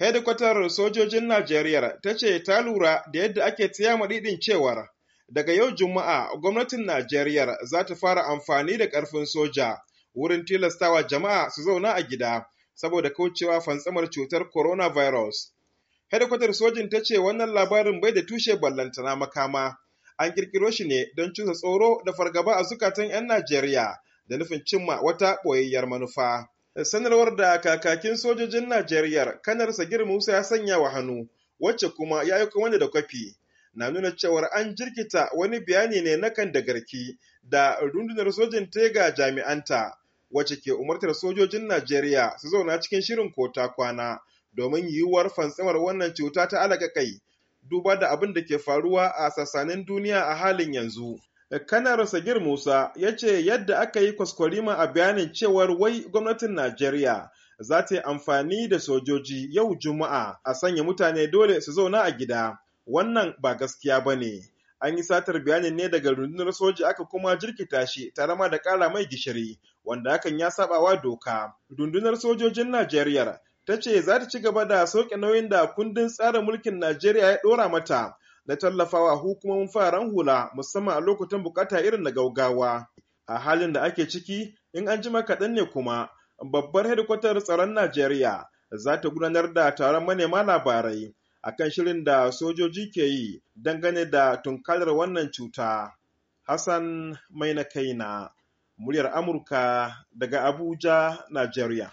hedikwatar sojojin Najeriya ta ce ta lura da yadda ake tsaya cewar daga yau Juma'a gwamnatin Najeriya za ta fara amfani da ƙarfin soja wurin tilastawa jama'a su zauna a gida saboda kaucewa fantsamar cutar coronavirus. Hedikwatar sojin ta ce wannan labarin bai da tushe ballantana makama. An kirkiro shi ne don cusa tsoro da fargaba a zukatan 'yan Najeriya da nufin cimma wata ɓoyayyar manufa. Sanarwar da kakakin sojojin Najeriya kanar Sagir Musa ya sanya wa hannu, wacce kuma ya yi kuma da kwafi, na nuna cewar an jirkita wani bayani ne na kan da garki da rundunar sojin tega jami'anta, wacce ke umartar sojojin Najeriya su zauna cikin shirin kota kwana domin yiwuwar fantsamar wannan cuta ta alaƙaƙai, duba da abin da ke faruwa a sassanin duniya a halin yanzu. kanar sagir musa ya ce yadda aka yi kwaskwarima a bayanin cewar wai gwamnatin najeriya za ta yi amfani da sojoji yau juma'a a sanya mutane dole su zauna a gida wannan ba gaskiya ba ne an yi satar bayanin ne daga rundunar soja aka kuma jirkita shi tare ma da kara mai gishiri wanda hakan ya sabawa doka rundunar sojojin najeriya ta ce za ta ci gaba da sauke nauyin da kundin tsarin mulkin najeriya ya ɗora mata na tallafawa hukumomin fararen hula musamman a lokutan bukata irin na gaugawa. A halin da ake ciki, in an jima kaɗan ne kuma, babbar hedikwatar tsaron Najeriya za ta gudanar da taron manema labarai akan shirin da sojoji ke yi dangane da tunkalar wannan cuta. Hassan Mai na kaina, muryar Amurka daga Abuja, Najeriya.